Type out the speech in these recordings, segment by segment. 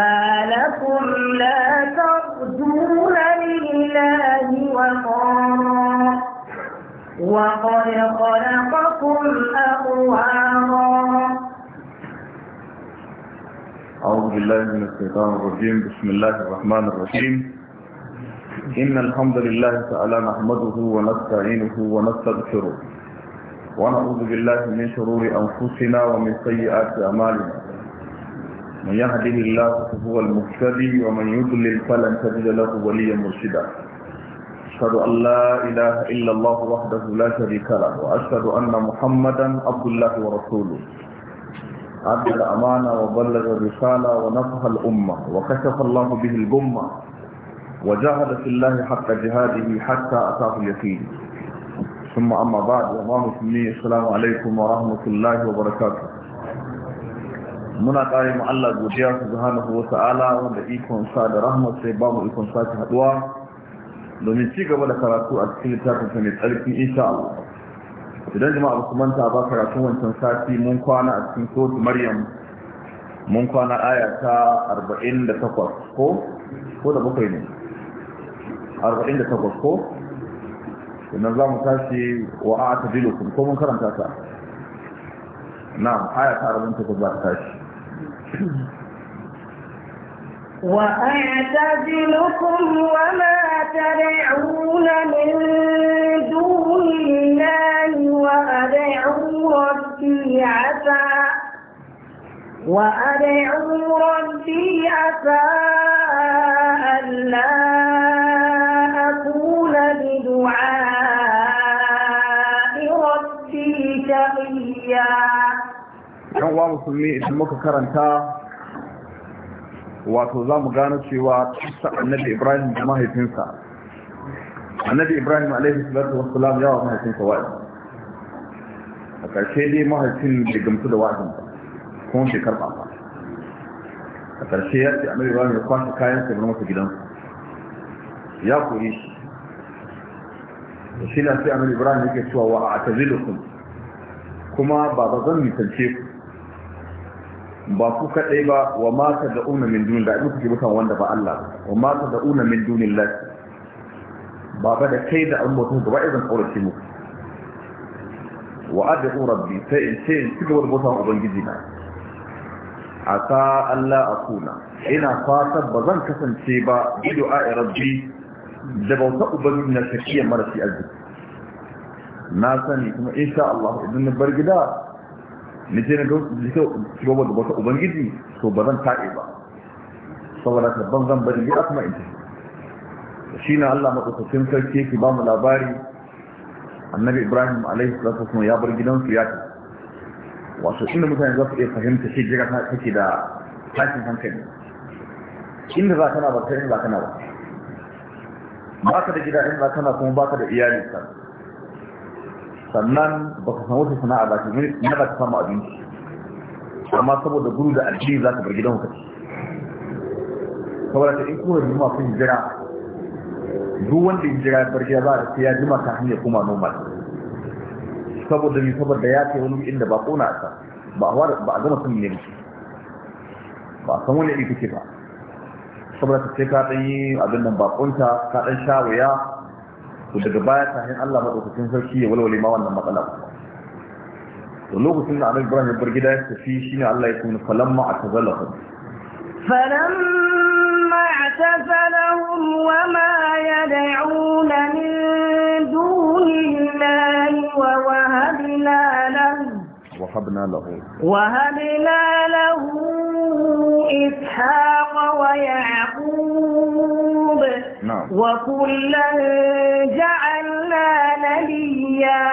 ما لكم لا ترجون لله وقارا وقد خلقكم أطوارا أعوذ بالله من الشيطان الرجيم بسم الله الرحمن الرحيم إن الحمد لله تعالى نحمده ونستعينه ونستغفره ونعوذ بالله من شرور أنفسنا ومن سيئات أعمالنا من يهده الله فهو المهتدي ومن يضلل فلن تجد له وليا مرشدا أشهد أن لا إله إلا الله وحده لا شريك له وأشهد أن محمدا عبد الله ورسوله عبد الأمانة وبلغ الرسالة ونصح الأمة وكشف الله به الأمة وجاهد في الله حق جهاده حتى أتاه اليقين ثم أما بعد وما السلام عليكم ورحمة الله وبركاته muna ƙare mu Allah godiya subhanahu wa ta'ala wanda ikon sa da rahmat sai ba mu ikon sa ta haduwa domin ci gaba da karatu a cikin littafin sa mai tsarki insha Allah idan jama'a ba su manta ba karatu wancan sati mun kwana a cikin sotu Maryam mun kwana aya ta 48 ko ko da bakwai ne 48 ko Idan za mu tashi wa a ta ko mun karanta ta na'am aya ta 48 za ta tashi وأعتزلكم وما تدعون من دون الله وأدعو ربي عسى وأدعو ربي عسى ألا أكون بدعاء ربي شقيا yan uwa musulmi idan muka karanta wato za mu gano cewa kisa annabi ibrahim da mahaifinsa annabi ibrahim alaihi salatu wassalam yawa mahaifinsa wa'azi a ƙarshe dai mahaifin bai gamsu da wa'azin ba kuma bai karɓa ba a ƙarshe ya ce annabi ibrahim ya kwashe kayan sa masa gidansa ya koyi shi da shi na sai annabi ibrahim yake cewa wa a tazilukum kuma ba ba zan nisance ku ba ku kadai ba wa mata ta da'una min dunin da kuke mutan wanda ba Allah wa mata ta da'una min dunin la baba da kai da an mutum gaba idan kaurace mu wa ad'u rabbi sai in ce in ci gaba da mutan ubangiji na sa Allah a akuna ina fatan ba zan kasance ba bi du'a rabbi da bauta ubangiji na mara marasi arziki na sani kuma insha Allah idan na bar gida ni ce na ga shigobar da wata ubangiji to ba zan taɓe ba saboda ka ban zan bari gida kuma in ta shi na allah matsakaitin sarki yake ba mu labari annabi ibrahim alaihi salatu wasallam ya bar gidan su ya ta wato inda mutane za su iya fahimta shi jira ta take da tashin hankali inda za kana ba ta inda za kana ba ba ka da gida inda za kana kuma ba ka da iyali ka sannan ba ka samu wata sana'a ba ta na ba ta samu abinci amma saboda guru da addini za ka bar gidan hukaci saboda ta in kuma jima sun jira duk wanda ya jira bar gida za a sai ya jima ta hanyar kuma normal saboda ni saboda ya kai wani inda ba kona a san ba a gama sun ne ba a san wani ita ke ba saboda ta ce ka ɗan yi abin nan bakonta ka ɗan sha wuya to daga baya kafin Allah madaukakin sarki ya walwale ma wannan matsala to lokacin da Annabi Ibrahim ya bar gida ya tafi shine Allah ya kuma falamma atazalahu falamma atazalahum wama yad'un min dunillahi wa wahabna lahu وهبنا له وهبنا له إسحاق ويعقوب الصحب وكلا جعلنا نبيا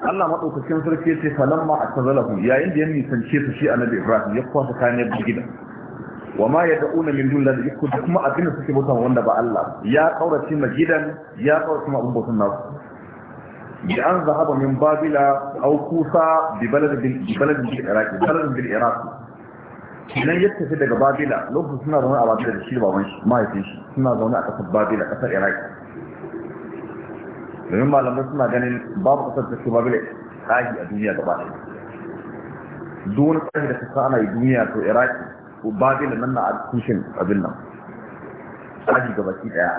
Allah maɗaukakin sarki ce falon ma a tazalahu yayin da ya nisance su shi a annabi Ibrahim ya kwasa kayan ya gida wa ma ya da'una min dun ladhi yakun kuma abin da suke bauta wanda ba Allah ya kaurace ma gidan ya kaurace ma abin bautan nasu bi an zahaba min babila au kusa bi baladin bi baladin bil iraq baladin bil iraq kenan ya tafi daga babila lokacin suna zaune a babila da shi baban shi mahaifin shi suna zaune a ƙasar babila ƙasar iraq domin malamai suna ganin babu ƙasar ta ce babila tsahi a duniya gaba ɗaya duk wani tsahi da kasa ana yi duniya to iraq babila nan na a tushen abin nan tsahi gaba ki ɗaya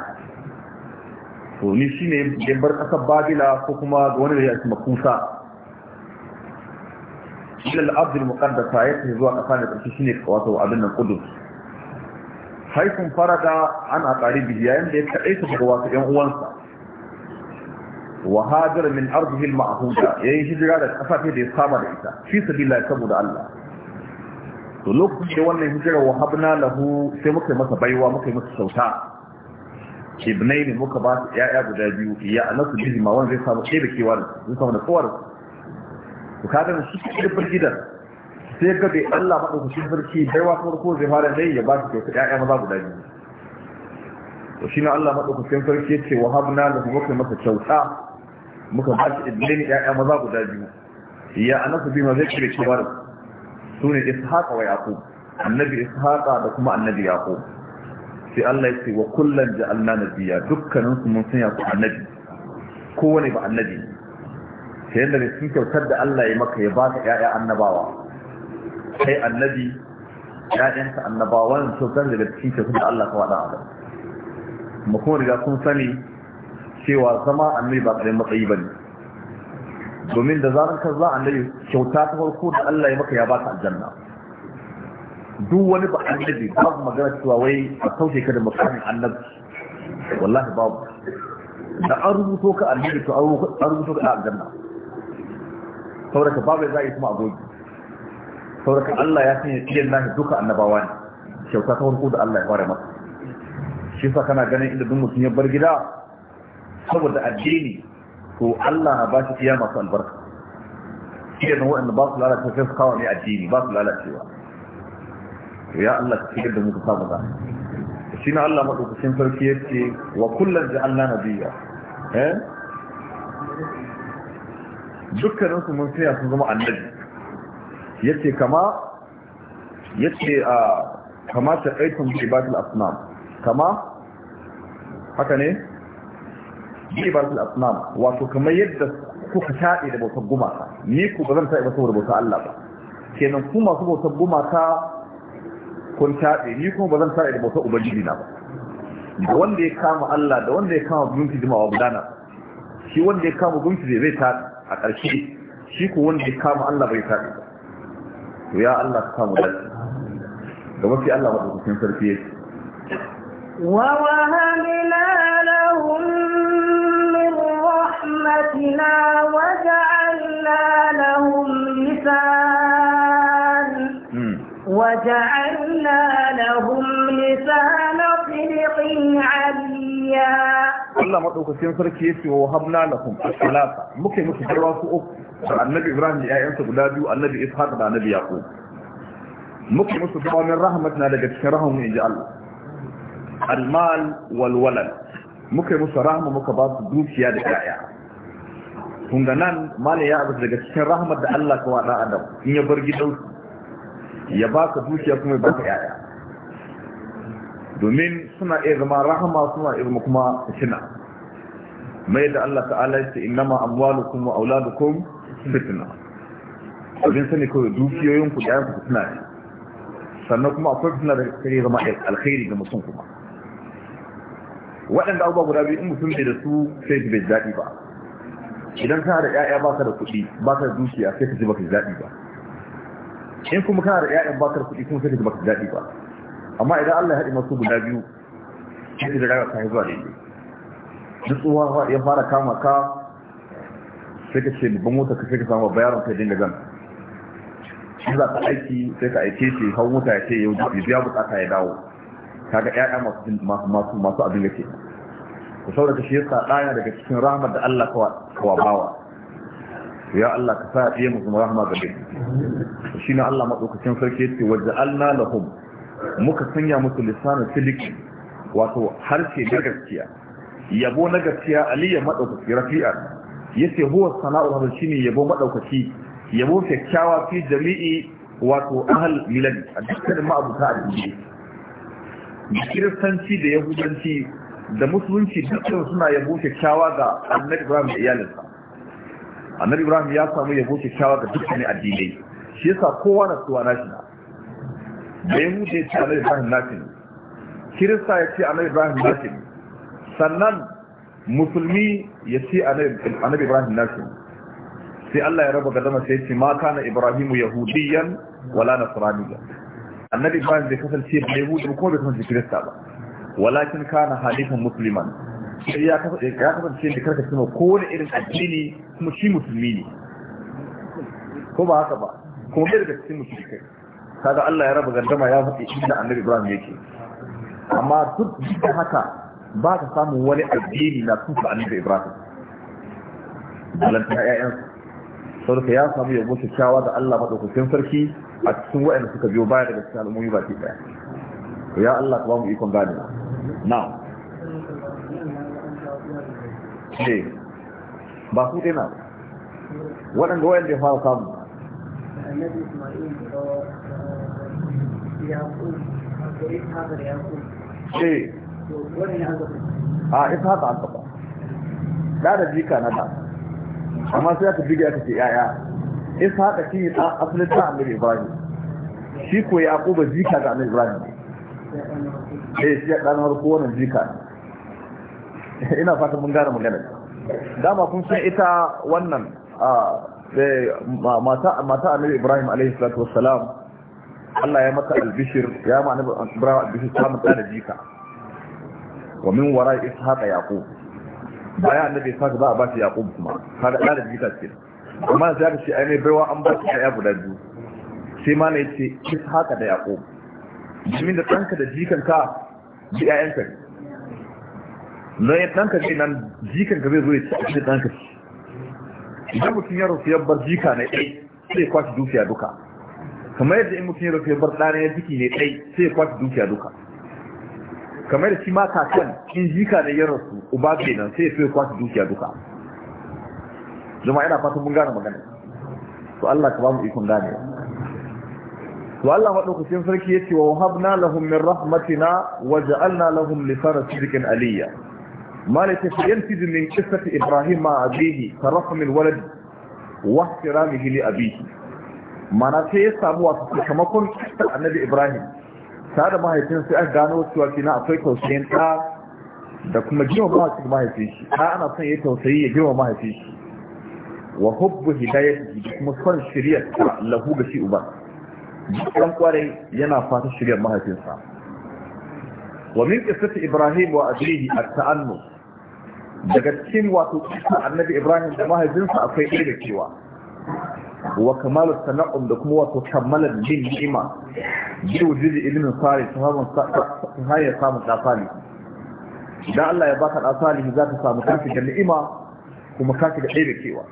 to ni shi ne ya bar ƙasar babila ko kuma wani da ya ce makusa ila Abdul ard ya ce zuwa kafa da tsarki shine wato abin nan qudus Haifin farada an aqaribi yayin da ya kadai ta daga wasu 'yan uwansa wa hajara min ardihi al hijira da kafa ta da ya saba da ita fi sabilillah saboda Allah to lokacin da wannan hijira wahabna lahu sai muka masa baiwa muka masa sauta ibnaini muka ba su 'ya'ya guda biyu ya anasu bijima wanda zai samu ɗaya da kewa da zai samu da kowar to kaga shi kirfin gidan sai ga bai Allah madaukakin farki, baiwa ta farko zai fara dai ya ba shi kyauta ƴaƴa maza guda biyu to shi na Allah madaukakin farki yace wa habna lahu muka masa kyauta muka ba shi idlin ƴaƴa maza guda biyu ya anasu bi ma zai kire kibar sune ishaqa wa yaqub annabi ishaqa da kuma annabi yaqub sai Allah ya ce wa kullum ja'alna nabiyya dukkanin su mun sanya su annabi kowane ba annabi ta yadda da cikin kyautar da Allah ya maka ya ba ka 'ya'ya annabawa Sai annabi ƴaƴanka annabawan kyautar da cikin kyautar da Allah ka wada adam kuma kuma riga kun sani cewa zama annabi ba kare matsayi bane domin da zaran ka za annabi kyauta ta farko da Allah ya maka ya ba ka aljanna duk wani ba annabi babu magana cewa wai a sauke ka da makamin annabi wallahi babu da an rubuto ka annabi to an rubuto ka aljanna saboda babu za a yi kuma agogi saboda Allah ya sanya iyan lahi duka annabawa ne kyauta ta farko da Allah ya fara masa shi sa kana ganin inda duk mutum ya bar gida saboda addini ko Allah na ba shi iya masu albarka iya na waɗanda ba su lalace sai su kawo ne addini ba su lalacewa ya Allah ka shigar da muka samu da shi na Allah maɗaukacin sarki ya ce wa kullum ji Allah na biya eh? dukkaninsu mun tsaya sun zama annabi yace kama yace a kama ta aikin bi asnam kama haka ne bi batul asnam wato kamar yadda kuka taɗe da bautar gumaka ni ku ba zan taɗe ba saboda bautar Allah ba kenan ku masu bautar gumaka kun taɗe ni kuma ba zan taɗe da bautar ubangiji na ba da wanda ya kama Allah da wanda ya kama gunki wa gudana shi wanda ya kama gunki zai zai taɗe a ƙarshe shi ku wanda ya kama Allah bai tafi to ya Allah ka kama dace ga mafi Allah madaukakin sarki yake wa wahabna lahum min rahmatina wa ja'alna lahum lisan وجعلنا لهم لسان صدق عليم duniya. Allah sarki ya ce wa hamna na kun asilata muke musu har wasu uku da annabi Ibrahim da ƴaƴansa guda biyu annabi Ishaq da annabi Yaqub. Muke musu tsawonin rahamatina daga cikin rahamu in ji Allah. Almal wal walal. Muke musu rahama muka ba su dukiya da ƴaƴa. Kun ga ya abu daga cikin rahamar da Allah ka wa Adamu. Adam in ya bar gidansu ya ba ka dukiya kuma ya ba ka ƴaƴa. domin suna iya zama rahama suna iya zama kuma fitina mai da Allah ta'ala ya ce innama amwalukum wa auladukum fitina abin sani kawai dukiyoyin ku da ku fitina ne sannan kuma akwai fitina da kai zama alkhairi ga mutum kuma waɗanda abubuwa guda biyu in mutum bai da su sai ji bai daɗi ba idan kana da ƴaƴa baka da kuɗi baka da dukiya sai ka ji baka daɗi ba in kuma kana da ƴaƴan baka da kuɗi kuma sai ka ji baka daɗi ba amma idan Allah ya haɗe masu guda biyu shi da rayuwa ta yi zuwa daidai duk tsohon ya fara kama ka sai ka ce babban mota ka sai ka samu bayaran ka dinga gan shi za ka aiki sai ka aike shi hau mota ya ce yau da biya bukata ya dawo ga ƴaƴa masu masu masu abin da ke ku saboda shi yasa ɗaya daga cikin rahmar da Allah kawa bawa ya Allah ka sa iya musu rahama gare shi na Allah madaukakin sarki yace waja'alna lahum muka sanya musu lissanin siliki wato harshe na gaskiya yabo na gaskiya aliyu maɗaukaki rafi'a ya ce huwa sana'u hadu shi ne yabo maɗaukaki yabo kyakkyawa fi jami'i wato ahal milan a dukkanin ma'abuta a duniya da kiristanci da yahudanci da musulunci dukkan suna yabo kyakkyawa ga annabi ibrahim da iyalinsa annabi ibrahim ya samu yabo kyakkyawa ga dukkanin addinai shi yasa kowa na suwa na shi na da ya hude ya ce annabi ibrahim nafi ne kirista ya ce annabi ibrahim nafi sannan musulmi ya ce annabi ibrahim nafi sai Allah ya raba gadama sai ce ma na ibrahimu yahudiyan wala na nasraniyan annabi ibrahim bai kasance ba yahudi ko bai kasance kirista ba walakin kana na musliman musulman. ya kasance da karka cewa kowane irin addini kuma shi musulmi ne ko ba haka ba kuma bai daga cikin musulmi kai kaga Allah ya raba gandama ya fi da annabi Ibrahim yake amma duk da haka ba ka samu wani addini na tufa annabi Ibrahim balanta ƴaƴan da ya samu yabo kyakkyawa da Allah madaukakin sarki a cikin wa'anda suka biyo baya daga cikin al'ummi ba ke daya ya Allah ka ba mu ikon gane na ne eh, ba su dina waɗanda waɗanda ya fara samu eh a ita haka an taba da da jika na da amma sai aka jiga aka ce yaya ita haka shi ne asalin ta amir ibrahim shi ko ya kuba jika ga amir ibrahim eh shi ya ɗan harko wannan jika ina fata mun gane magana dama kun san ita wannan eh, mata amir ibrahim alaihi salatu wassalam Allah ya mata albishir ya ma'ana Ibrahim albishir ta mata da jika wa min wara ishaqa yaqub baya annabi ishaqa ba a ba shi yaqub kuma ka da da jika ce amma sai aka ce ai mai baiwa an ba shi ya guda biyu sai ma ne ce ishaqa da yaqub jimin da ɗanka da ka ji ƴaƴanka ne don ya ɗanka zai nan ka zai zo ya ci abin da ɗanka ci idan mutum ya rufu ya bar jika na ɗai sai kwashi dukiya duka kamar yadda in mutum ya rufe bar ɗana ya jiki ne ɗai sai ya kwashe dukiya duka kamar da shi ma kakan in jika da ya rasu uba kenan sai ya fi kwashe dukiya duka zama ina fatan mun gane magana to Allah ka ba mu ikon gane to Allah madaukakin sarki yace wa habna lahum min rahmatina wa ja'alna lahum lisana sidqin aliyya malaka yantizu min qissati ibrahim ma abihi min walad wa ihtiramihi li abihi mana sai ya samu wasu sakamakon kisar annabi ibrahim ta da mahaifin sai gano cewa na akwai tausayin ta da kuma girma mahaifin mahaifin shi ta ana son ya tausayi ya girma mahaifin shi wa hubbu hidayat da kuma son shirya ta lahu ga shi uba jikin kwarai yana fata shirya mahaifinsa wa min qissati ibrahim wa abihi a taannu daga cikin wato annabi ibrahim da mahaifinsa akwai ɗaya cewa wa kamalu da kuma wato kammalar jin ni'ima bi wujudi ilmin fari ta samun ta hanyar samun tsafali idan Allah ya baka tsafali za ka samu kanki da ni'ima kuma kanki da ɗaya kewa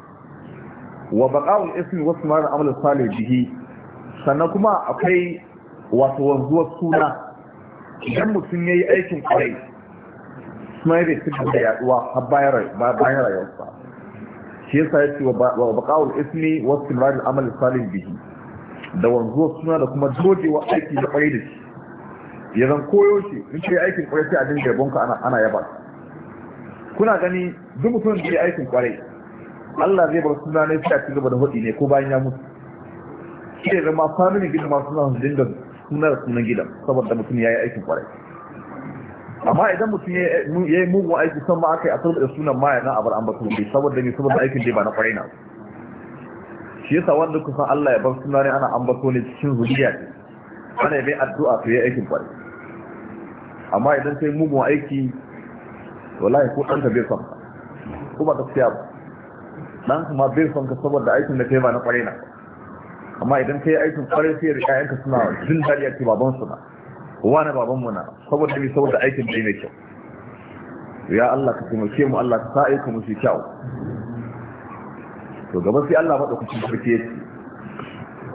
wa baqa'ul ismi wasu mara amal salih bihi sannan kuma akwai wato wanzuwar suna idan mutum ya yi aikin kwarai suna yadda su da yaduwa har bayan rayuwarsa shi yasa ce wa baƙawar ismi wasu istimrarul amal salin bihi da wanzuwa suna da kuma wa aiki na kwarai da shi ya zan koyo shi in ce aikin kwarai sai a jin yabonka ana yaba kuna gani duk mutum da ya aikin kwarai Allah zai bar suna ne sai a ci gaba da hudi ne ko bayan ya mutu shi ne zama family gidan masu suna su dinga suna da sunan gidan saboda mutum ya yi aikin kwarai amma idan mutum ya yi mugun aiki san ma aka yi asar da sunan maya na abar ambata rufe saboda ne saboda aikin dai ba na kwarai na shi yasa wanda kusan Allah ya bar suna ne ana ambato ne cikin zuriya ne ana yi mai addu'a to ya aikin kwarai amma idan sai mugun aiki wallahi ko ɗanka bai son ko ba gaskiya ba ɗan kuma bai son ka saboda aikin da kai ba na kwarai na amma idan kai aikin kwarai sai ya riƙa yanka suna jin dariya a ce baban suna وانا بابمنا صبر اللي سودا ايتين دينيك يا الله كتمكيمو الله تسايكم في تشاو وقبل في الله بادو كتي بكي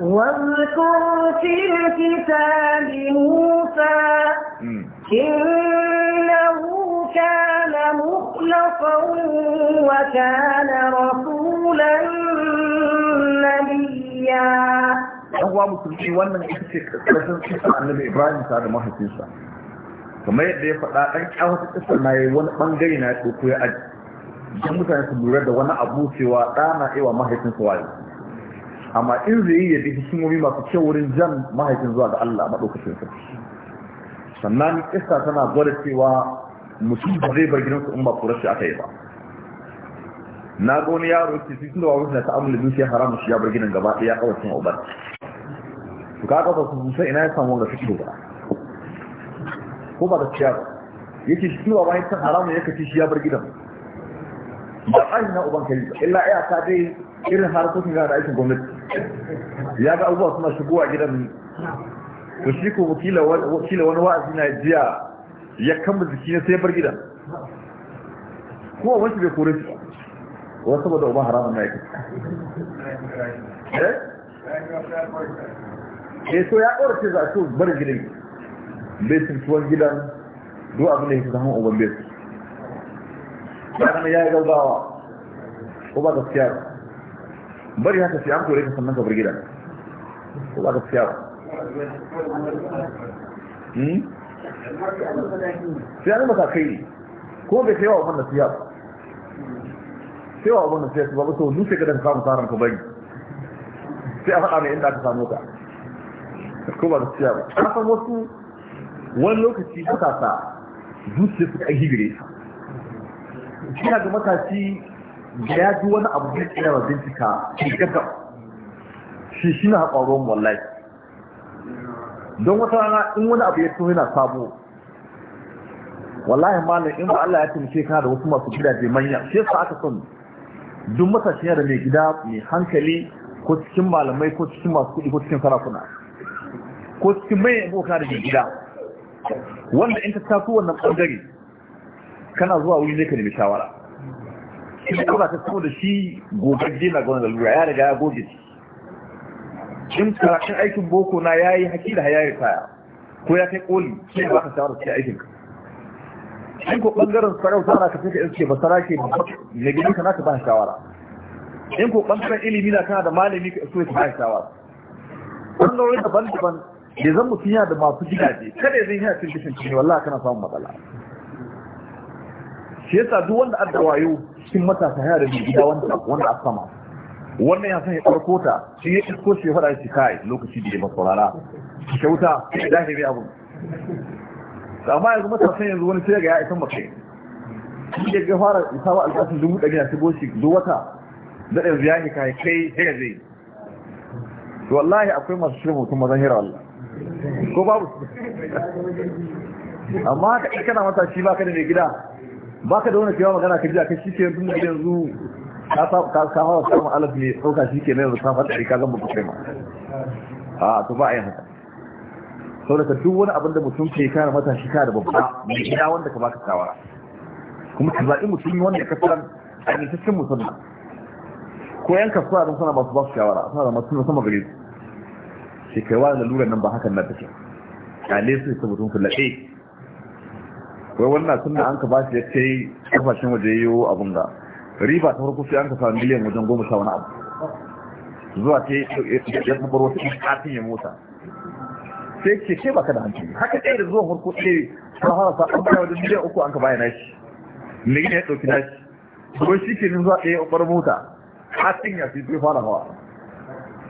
واذكر في الكتاب موسى إنه كان مخلصا وكان رسولا نبيا dan uwa musulmi wannan ita ce karkashin kisa annabi ibrahim sa da mahaifinsa kamar yadda ya faɗa ɗan kyawata kisa na yi wani ɓangare na ya ya aji don mutane su lura da wani abu cewa ɗa na iya mahaifinsa wayo. amma in zai yi yadda hikimomi masu kyau wurin jan mahaifin zuwa ga Allah maɗaukacin sarki sannan kisa tana gwada cewa mutum ba zai bar su in ba kurashi aka yi ba na ga wani yaro ce su tunda wani na ta'amulin shi haramun shi ya bar gidan gaba ɗaya kawai sun obar to ka kafa su sai ina ya samu da fito ba ko ba ciya ba yake shi kiwa bayan san haramu ya kace shi ya bar gidan ba tsari na uban kai illa iya ta dai irin harkokin ga da aikin gwamnati ya ga abubuwa suna shigowa gidan to shi ko wakila wani wa'azi na jiya ya kama jiki ne sai bar gidan ko wani bai kore shi wani saboda uban haramun na ya kace eh? eh so ya ƙorace za a so bar gidan bai tuwon gidan duk abin da ya fi samun uban bai su ya ya yi gaugawa ko ba gaskiya ba bari haka sai an kore ka sannan ka bar gidan ko ba gaskiya ba hmm? sai an matakai ko bai kai wa abin da siya ba sai wa abin da siya su ba ba so sai ka daga samu tsarin ka bari sai a faɗa mai inda aka samu ka ko ba gaskiya ba ka san wasu wani lokaci matasa zuciya suka yi gare su ina ga matashi da ya ji wani abu zai tsaya wa bincika shi gaga shi shi na haƙwaron wallahi don wata rana in wani abu ya tuhu yana sabo wallahi malam in ba Allah ya taimake ka da wasu masu gidaje manya shi yasa aka son duk matashi yana da mai gida mai hankali ko cikin malamai ko cikin masu kuɗi ko cikin sarakuna ko cikin mai boka da gida wanda in ta taso wannan ɓangare kana zuwa wuri ne ka nemi shawara shi ne ta samu da shi gogagge na gwamnati lura ya riga ya goge shi in karatun aikin boko na ya yi haƙi da hayari kaya ko ya kai koli shi ba ka shawara cikin aikin ka in ko ɓangaren sarauta na ka sai ka ba sarake ba ne gani ka na ka ba shawara in ko ɓangaren ilimi na kana da malami ka so ya ka ba shawara ɓangarorin daban-daban da zan mutum yana da masu gidaje kada ya zai yi cin kishin cikin wallah kana samun matsala shi yasa duk wanda adda wayo cikin matasa yana da gida wanda wanda a sama wannan ya san ya ɗauko ta shi ya isko shi ya faɗa shi kai lokaci da ya masu rara kyauta da zahiri abun. amma yanzu matasan yanzu wani sai ga ya isan makai shi ya ga fara isa wa albashin dubu ɗari na shigo shi duk wata da yanzu ya ne kai kai sai ga zai wallahi akwai masu shirin mutum mazan hira wallah ko babu amma haka in kana matashi baka da mai gida baka da wani cewa magana ka ji a shi ke yanzu da yanzu ka hawa samun alaf mai tsoka shi ke na yanzu ta fata rika zan babu kai ma a to ba a yi haka sau da duk wani abin da mutum ke kare matashi ka da babba mai gida wanda ka baka shawara kuma ka zaɓi mutum wanda ka san a yi cikin musamman ko yan kasuwa don sana ba su ba su shawara suna da masu sama gare su sai kai wa lalurar nan ba hakan na take ne su su mutum kullaɗe wai wannan sunna an ka ba shi ya kafashin waje yiwu abun da riba ta farko sai an ka samu miliyan wajen goma sha wani abu zuwa ta ya tabar wasu ƙatin ya mota sai ce ke baka da hankali haka ɗaya da zuwa farko ɗaya ta fara sa an baya wajen miliyan uku an ka baya nashi ne gina ya ɗauki nashi kuma shi ke zuwa ɗaya ya ɓar mota ƙatin ya fi fara hawa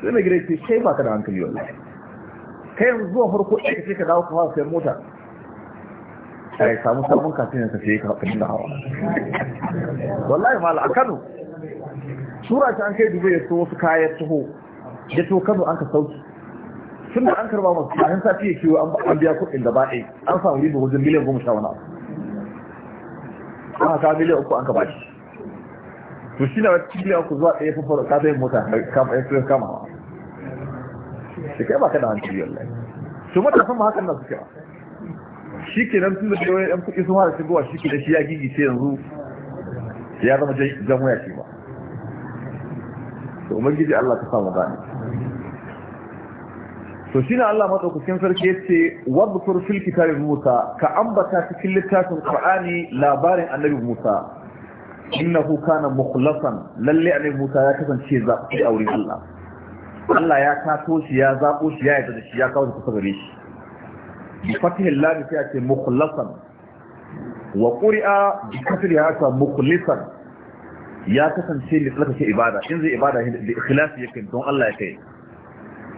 sai mai gida ce kai baka da hankali wallahi kai yanzu zuwa farko ɗaya kace ka dawo ka fara sayan mota yi samu sabon kafin ya tafi ka hakan da hawa wallahi mal a Kano sura ta an kai dubai ya so wasu kayan taho ya to Kano an ka sauki tun da an karba masu kayan sati ya kiwo an biya kuɗin da ɗaya an samu riba wajen miliyan goma sha wani abu an haka miliyan uku an ka bashi to shi na wata miliyan uku zuwa ɗaya fafar ka zai mota kama ya kama shi kai ba ka da hankali wallahi to san ma hakan na suke ba shi ke nan tun da ɗaya yan kuɗi sun hada shigowa shi ke da shi ya ce yanzu ya zama jan waya shi ba to gidi Allah ta samu gani to shi na Allah maɗaukakin sarki ya ce wadda fil kitabin Musa ka ambata cikin littafin Qur'ani labarin annabi Musa innahu kana mukhlasan lalle annabi Musa ya kasance zaɓi a wurin Allah Allah ya kato shi ya zaɓo shi ya yarda da shi ya kawo shi kusa gare shi bi fatihil lam sai a ce mukhlasan wa quri'a bi kasri ya ta mukhlisan ya kasance ne tsarkake ibada in zai ibada da ikhlasi yake don Allah ya kai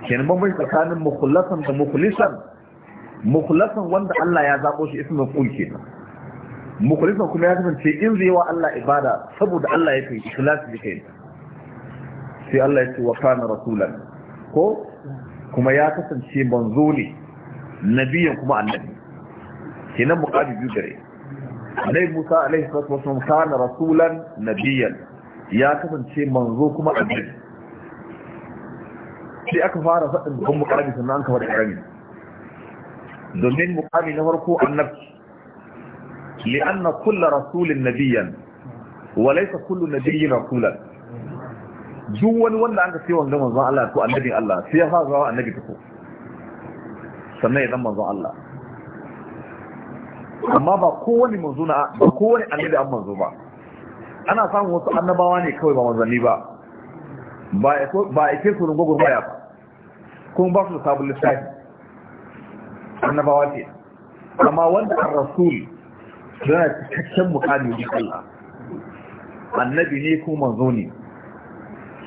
kenan bambanci tsakanin mukhlasan da mukhlisan mukhlasan wanda Allah ya zaɓo shi ismin qul kenan mukhlisan kuma ya kasance in zai wa Allah ibada saboda Allah ya kai ikhlasi yake sai Allah ya ce wa kana rasulan ko kuma ya kasance manzo ne nabiyan kuma annabi kenan muqabi biyu gare Annabi Musa alaihi salatu wasallam kana rasulan nabiyan ya kasance manzo kuma annabi sai aka fara faɗin babban muqabi sannan aka fara karami domin muqabi na farko annabi li'anna kullu rasulin nabiyan wa laysa kullu nabiyyin rasulan duk wani wanda an ka ce wanda manzon Allah ko annabi Allah sai ya fara zuwa annabi ko sannan ya zama manzon Allah amma ba kowane manzo na ba kowane annabi an manzo ba ana samun wasu annabawa ne kawai ba manzanni ba ba a ike su rungo gurmaya ba kuma ba su da sabon lissafi annabawa ce amma wanda an rasul yana cikakken mukami ne Allah annabi ne ko manzo ne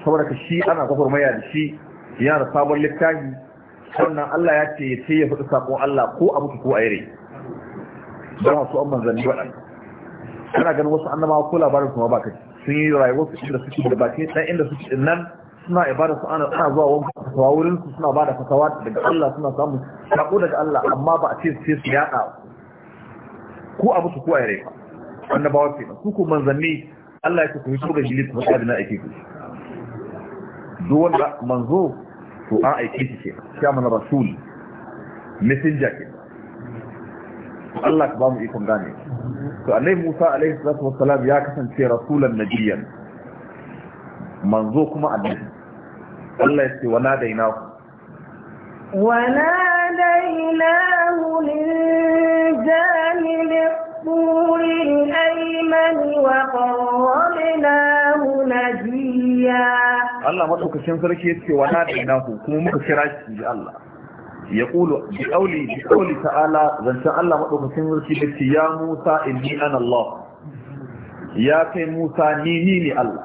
saboda ka shi ana gwagwarmaya da shi yana da sabon littafi sannan Allah ya ce sai ya faɗi sakon Allah ko a mutu ko a yare don wasu an manzanni waɗanda kana ganin wasu annama ko labarin kuma baka sun yi rayuwar su inda suke da baki ɗan inda suke nan suna ibada su ana ana zuwa wani fasawa wurin su suna ba da fasawa daga Allah suna samu sako daga Allah amma ba a ce sai su yaɗa ko a mutu ko a yare ba annabawa ke su ko manzanni Allah ya ce ku yi so ga jili ku fasawa da na ake ku duk wanda manzo to an aiki shi ke ya mana rasul messenger ke Allah ka ba mu ikon gane to annai Musa alaihi salatu wassalam ya kasance rasulan nabiyan manzo kuma annabi Allah ya ce wa nadaina ku wa nadaina min janibin الطور الأيمن وقربناه نجيا الله ما تقول كسيم سرك يتكي ونادعناه كم مكسراج الله يقول بقولي بقولي تعالى ذنشاء الله ما تقول كسيم سرك يتكي يا موسى إني أنا الله يا كي موسى نيني الله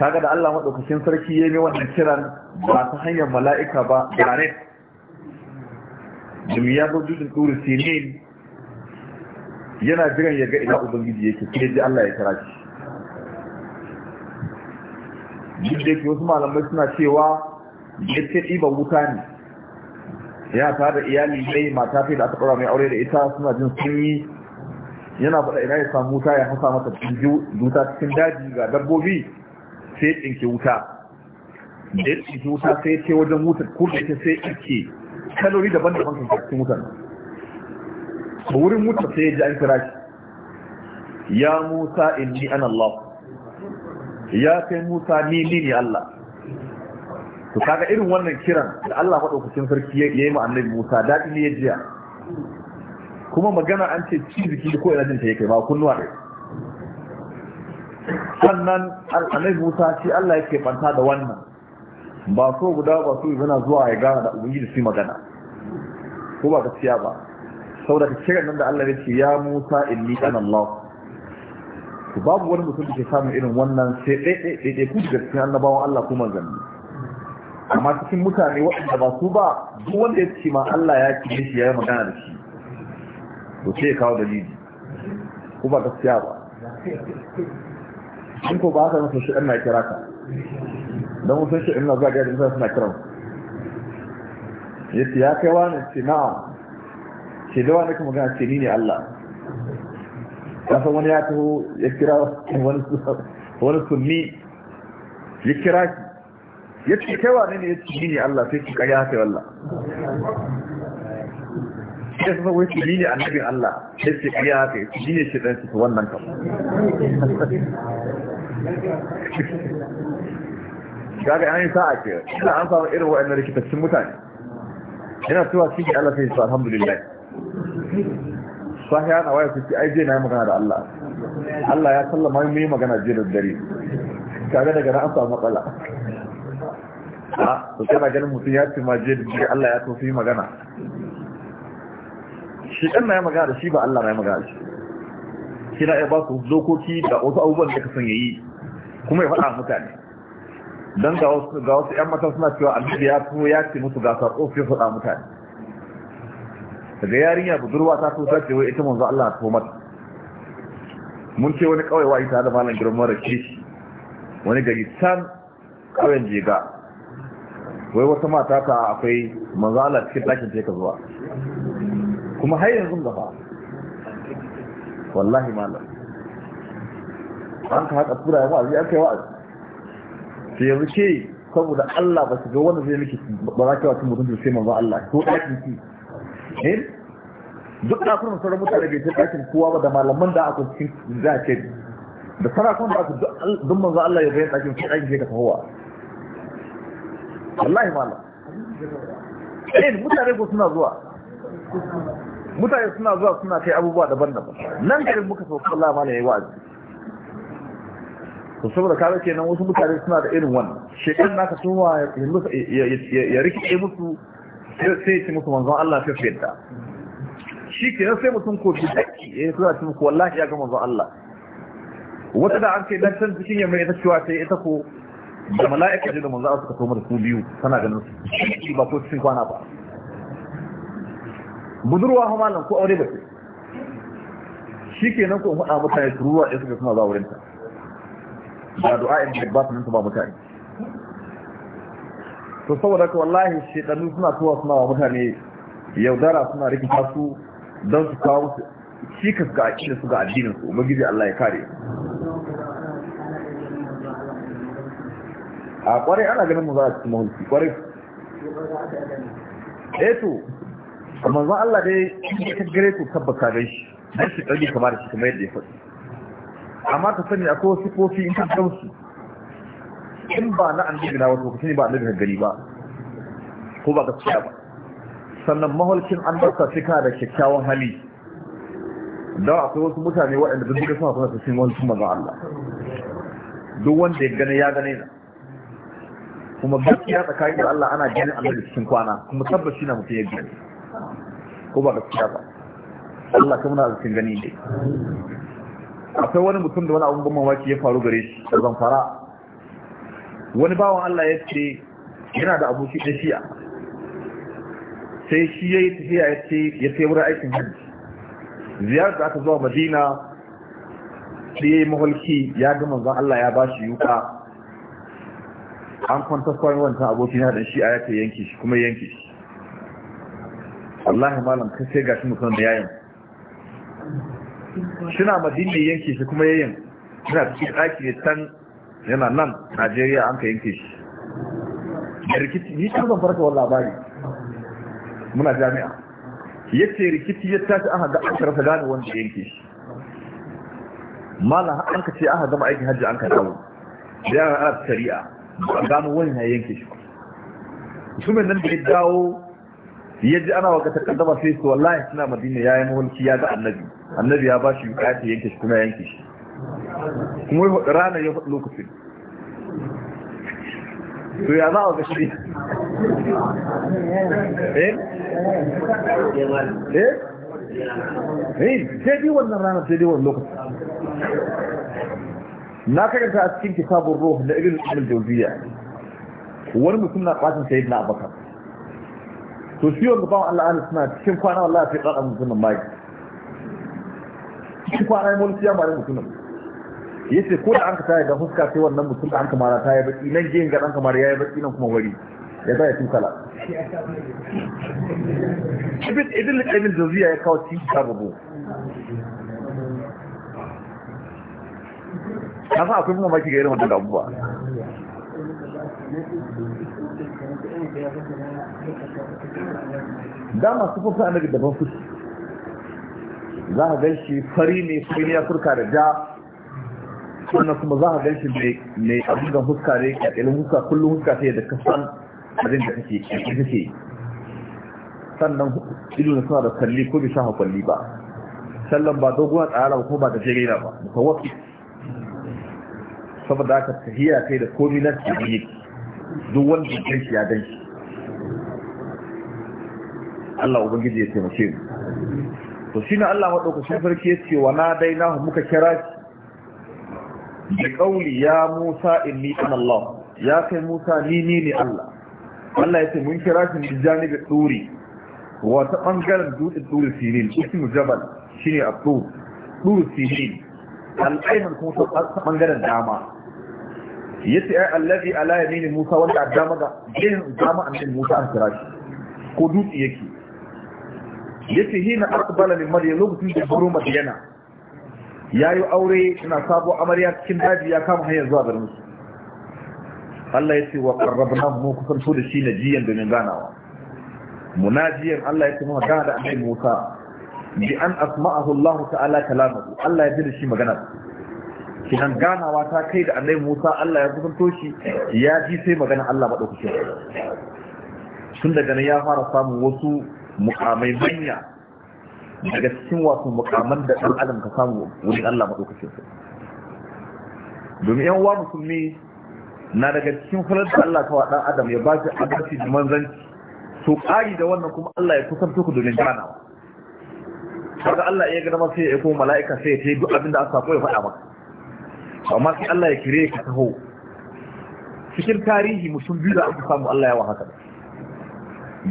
kaga da Allah madaukakin sarki ya yi wannan kiran ba ta hanyar mala'ika ba direct dum ya zo turu sinin yana jiran ya ga ina ubangiji yake kire ji Allah ya kira shi duk da wasu malamai suna cewa ya ce ɗiba wuta ne Ya tare da iyali dai mata fi da aka ɗora mai aure da ita suna jin sun yi. yana faɗa ina ya samu wuta ya hasa mata wuta cikin daji ga dabbobi sai ɗinke wuta da ya wuta sai ce wajen wuta, ko da ita sai ɗinke kalori daban-daban kan cikin wutan. a wurin mutu sai ya ji an kira shi ya musa inni an allah ya kai musa ni ni ne allah to kaga irin wannan kiran da allah maɗaukacin sarki ya yi ma annabi musa daɗi ne ya jiya kuma magana an ce ci jiki ko ina jin ta yake ba kunnuwa ɗaya sannan annabi musa shi allah yake banta da wannan ba so guda ba so yana zuwa ya gana da ubangiji su magana ko ba siya ba saboda cikin nan da Allah ya ce ya Musa inni ana Allah babu wani mutum da ke samun irin wannan sai dai dai dai dai ku daga cikin annabawan Allah kuma zanni amma cikin mutane waɗanda ba su ba duk wanda ya ce ma Allah ya ce shi ya yi magana da shi to sai ya kawo dalili ko ba gaskiya ba in ko ba haka na sosai ɗan na kira ka Dan wasu shi na za ga yadda suna kiran ce ya kai wani ce na'am ce da wani kuma gana ce ni ne Allah kasan wani ya taho ya kira wani sunni ya kira ki ya ce kai wane ne ya ce ni ne Allah sai ki kaya kai wallah ya sasa wai su ne annabin Allah sai ce kaya kai su ne shi ɗan su wannan kam gaga an yi sa'a ke ina an samu irin wa'annan rikitaccen mutane yana cewa shi ne Allah sai su alhamdulillah Sahiya na waya su ci ai je na yi magana da Allah Allah ya sallama mu yi magana je da dare kaga daga na an samu matsala a to kana ganin mutum ya ci ma da dare Allah ya to su yi magana shi ɗan na yi magana da shi ba Allah na yi magana shi kina ya ba su dokoki da wasu abubuwan da kasan yayi kuma ya faɗa mutane don ga wasu ‘yan mata suna cewa annabi ya tuwo ya ce musu ga sarƙo sai faɗa mutane daga yarinya budurwa ta so sace wai ita manzo Allah ko mata mun ce wani kawai wai ta da malam girman rake wani gari can kawai ga wai wata mata ta akwai manzo Allah cikin dakin ta zuwa kuma har yanzu gaba wallahi malam an ka haka tura yawa zai aka yi wa'azi sai yanzu ke saboda Allah ba su ga wanda zai miki ba za yi wa mutum sai manzo Allah ko dakin ki Eh? duk da kuma sauran mutane bai ta ɗakin kowa ba da malaman da aka cikin za a ce da sarakun da aka duk manzo Allah ya bayyana ɗakin ɗakin ke ka fahowa wallahi malam eh mutane ko suna zuwa mutane suna zuwa suna kai abubuwa daban-daban nan garin muka sauka Allah malam yayi wa'azi ko saboda kaga kenan wasu mutane suna da irin wannan shekaru naka tuwa ya rike musu sai ya ce musu manzon Allah sai su yadda shi ke nan sai mutum ko bidaki daki ya eh, yi suna ce muku wallahi ya ga manzon Allah wata da an kai dan san cikin yamma ita cewa sai ita ko da mala'ika ne da manzo Allah suka tomar su biyu tana ganin su ba ko cikin kwana ba budurwa ha malam ko aure ba ce shi ke nan ko faɗa mutane ruwa sai suka suna zawurinta da du'a in ba su nan ba mutane to saboda ka wallahi shedanu suna tuwa suna wa mutane yaudara suna rikita su don su kawo su cikas ga aƙida su ga addinin su ubangiji Allah ya kare a kwarai ana ganin mu za a cikin mahulci kwarai eh to, manzon Allah dai ya ta gare ku tabbata dai shi dan shi dauki kamar shi kamar yadda ya faɗi amma ta sani akwai wasu kofi in ka gamsu in ba na annabi na wato kuma ba annabi gari ba ko ba gaskiya ba sannan mahalcin an barka cika da kyakkyawan hali da akwai wasu mutane waɗanda duk duka suna suna cikin wani tuma Allah duk wanda ya gani ya gane na kuma gaskiya tsakanin da Allah ana ganin Allah da cikin kwana kuma tabbas shi na mutum ya gani ko ba gaskiya ba Allah kuma na cikin gani ne akwai wani mutum da wani abun ban mamaki ya faru gare shi zan fara wani bawan Allah ya ce yana da aboki da shi'a sai shi ya yi tafiya ya ce ya fi wurin aikin hajji ziyarar da aka zuwa madina sai ya yi maholki ya gama zan Allah ya ba shi yuka an kwanta kwan wancan aboki na da shi'a ya yake yanki shi kuma yanki shi Allah malam ka sai gashi mutum da yayin suna madina yanki shi kuma yayin suna cikin ɗaki ne can yana nan najeriya an ka yanke shi rikici ni shi zan farka wallah bari muna jami'a yace rikici ya tashi aka ga an karasa gane wanda yanke shi mala an ka ce aka gama aikin hajji an ka dawo yaran arab shari'a ba gano wani ya yanke shi Su mutumin nan da ya dawo ya ji ana waka ta kaddama sai su wallahi suna madina ya yi mawalki ya ga annabi annabi ya ba shi ya yanke shi kuma yanke shi kuma rana ya faɗi lokacin to ya za a ga shi eh eh eh sai dai wannan rana sai dai wannan lokacin na karanta a cikin kitabun ruh na ibn al jawziya wani mutum na kwatin sayyid na abakar to shi wanda ba Allah ahli suna cikin kwana wallahi sai kada mutumin mai. cikin kwana mulki ya mare mutumin yace ko da an ka tayar da huska sai wannan mutum da an mara ta yi baki nan gehen ga an kamara ya yi baki nan kuma wari ya zai tun kala ibn da ibn jaziya ya kawo ta babu na sa akwai mamaki ga irin wannan abubuwa dama su fusa annabi daban fushi za a gan shi fari ne fari ya furka da ja wannan kuma za a gan shi mai abubuwan huska ne ƙaƙilin huska kullum huska sai da kasan abin da kake ƙaƙi kake sannan ido na suna da kalli ko bai sha hakwalli ba sallan ba doguwa tsara ba ko ba da na ba muka wafi saboda aka tahiya kai da komi na tsaye duk wanda ya ganshi ya ganshi. Allah Ubangiji ya taimake mu to shine Allah madaukakin sarki ya ce wa na daina muka kira shi bi qawli ya Musa inni ana Allah ya kai Musa ni ni ne Allah Allah yace mun kira shi bi janibi turi wa ta bangaren dutsen turi sinin ismu jabal shine abdu turi sinin al-ayman kuma ta bangaren dama yace ai allazi ala yamini Musa wanda addama ga jin dama annabi Musa an kira shi ko dutse yake yace hina aqbala min maryam lokacin da buru madyana ya yi aure suna sabo amarya cikin daji ya kama hanyar zuwa garin su Allah ya ce wa qarrabna mu kusan kusanto da shi na jiyan domin ganawa munajiyan Allah ya ce mu gana da annabi Musa bi an asma'ahu Allah ta'ala kalamahu Allah ya ji da shi magana kinan ganawa ta kai da annabi Musa Allah ya kusanto shi ya ji sai magana Allah madaukakin tun daga nan ya fara samun wasu mukamai manya daga cikin wasu mukaman da ɗan adam ka samu wurin Allah maɗaukacin su domin yan uwa musulmi na daga cikin falar da Allah kawa ɗan adam ya ba shi adalci da manzanci to ƙari da wannan kuma Allah ya kusan ku domin ganawa kaga Allah ya ga sai ya aiko mala'ika sai ya ce duk abin da aka sako ya faɗa maka amma sai Allah ya kire ka taho cikin tarihi mutum biyu da aka samu Allah ya wa haka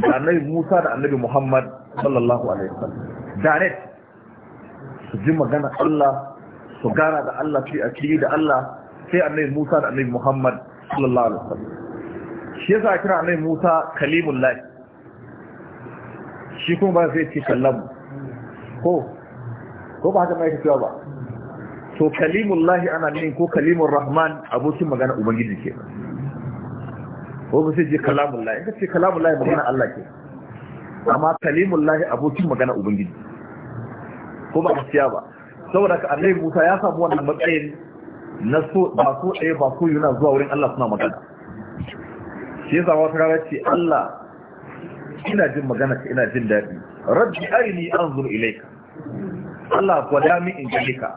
da annabi Musa da annabi Muhammad sallallahu alaihi wasallam direct su ji magana Allah su gana da Allah fi a ciki da Allah sai annabi Musa da annabi Muhammad sallallahu alaihi wasallam shi yasa kira annabi Musa kalimullah shi kuma ba zai ce kallamu ko ko ba haka mai tafiya ba to kalimullah ana nufin ko kalimur rahman abokin magana ubangiji ke ko ba sai je kalamullah in ka ce kalamullah magana Allah ke amma kalimullah abokin magana ubangiji ko ba gaskiya ba saboda ka annabi Musa ya samu wannan matsayin na so ba so ɗaya ba so yana zuwa wurin Allah suna magana shi yasa wata rana ce Allah ina jin magana ka ina jin daɗi rabbi aini anzur ilayka Allah gwada min in gane ka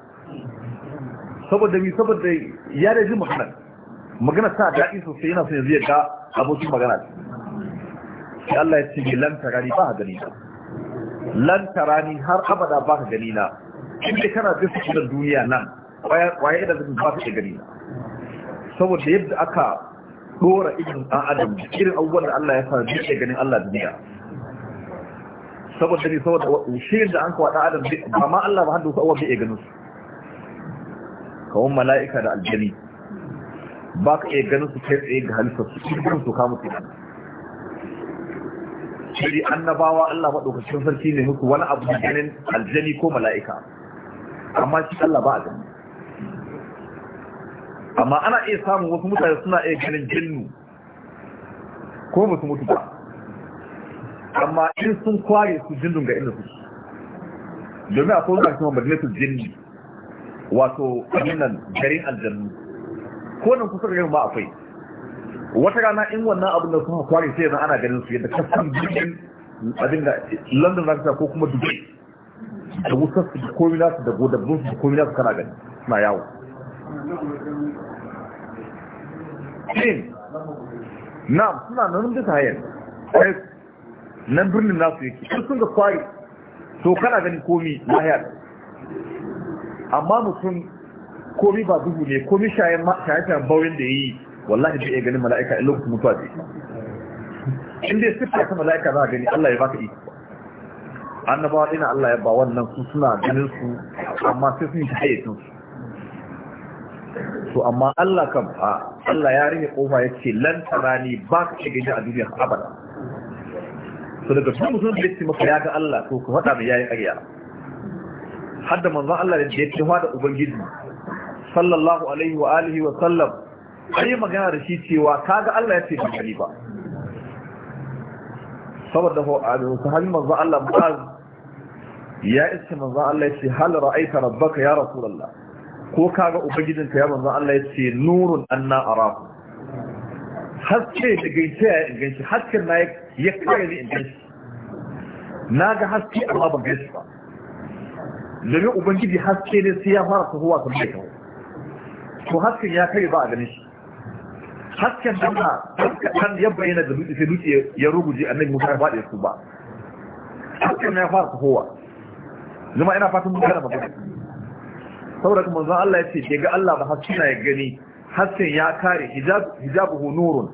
saboda mi saboda ya da jin magana magana ta daɗi sosai yana so yanzu ya ga abokin magana Allah ya ce lan tarari ba gani ba lan tarani har abada ba ka gani na in da kana bisa cikin duniya nan waye da zai ba ka gani na saboda yadda aka dora irin dan adam irin abubuwan da Allah ya fara duk da ganin Allah duniya saboda ne saboda shirin da an kawo dan adam ba ma Allah ba hannu kawai bai ganin su kawon mala'ika da aljani ba ka iya ganin su kai tsaye ga halittarsu su cikin su kamun su sai annabawa Allah maɗaukacin sarki ne muku wani abu da ganin aljani ko mala'ika amma shi Allah ba a gani amma ana iya samun wasu mutane suna iya ganin jinnu ko musu mutu ba amma in sun kware su jinnun ga inda su domin akwai wani kuma madinatul jinni wato aminan garin aljannu ko nan kusa garin ba akwai wata rana in wannan abin da kuma kwari sai yanzu ana ganin su yadda kasan birnin abin da london na ta ko kuma dubai da wutar su da komi nasu da godabbun su da komi nasu kana gani suna yawo shin na suna nan bisa hayar nan birnin nasu yake sun sun ga kwari to kana gani komi hayar amma mutum komi ba duhu ne komi shayen bawin da ya yi wallahi zai iya ganin mala'ika in lokacin mutuwa ce in dai sifa ta mala'ika za a gani Allah ya baka iko annabawa ina Allah ya ba wannan su suna ganin su amma sai sun yi hayyacin su to amma Allah kan a Allah ya rike kofa ya ce lan tarani ba ka shiga a duniya abada so daga sun mutum da yake maka ya ga Allah to ka fada mai yayi ƙarya hadda manzon Allah da yake fada ubangiji sallallahu alaihi wa alihi wa sallam har magana da shi cewa kaga Allah ya ce ba gani ba saboda ta hali manzo Allah Mu'az ya isa manzo Allah ya ce hal ra'aita rabbaka ya Allah ko kaga ka ya manzo Allah ya ce nurun anna arahu haske da gaishe ya gaishe haske na ya kare ni in gaishe na ga haske amma ban gaishe ba domin ubangiji haske ne sai ya fara tahowa kan mai kawo to ya kai ba a ganin shi hasken Allah kan ya bayyana da dutse sai dutse ya ruguje annabi Musa ya faɗi su ba hasken ya fara kowa zama ina fatan mutane ba saboda kuma zan Allah ya ce daga Allah ba hasken ya gani hasken ya kare hijabu hu nurun